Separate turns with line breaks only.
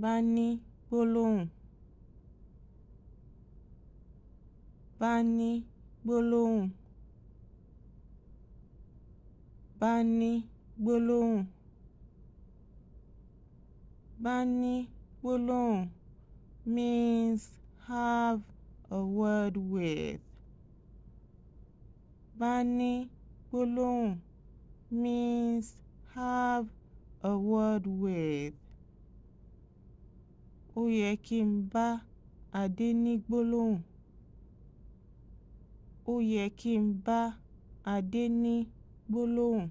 bá ní gbólóhùn bá ní gbólóhùn bá ní gbólóhùn bá ní gbólóhùn means have a word with bá ní gbólóhùn means have a word with. Ó yẹ kí n bá Adé ní gbólóhùn. Ó yẹ kí n bá Adé ní
gbólóhùn.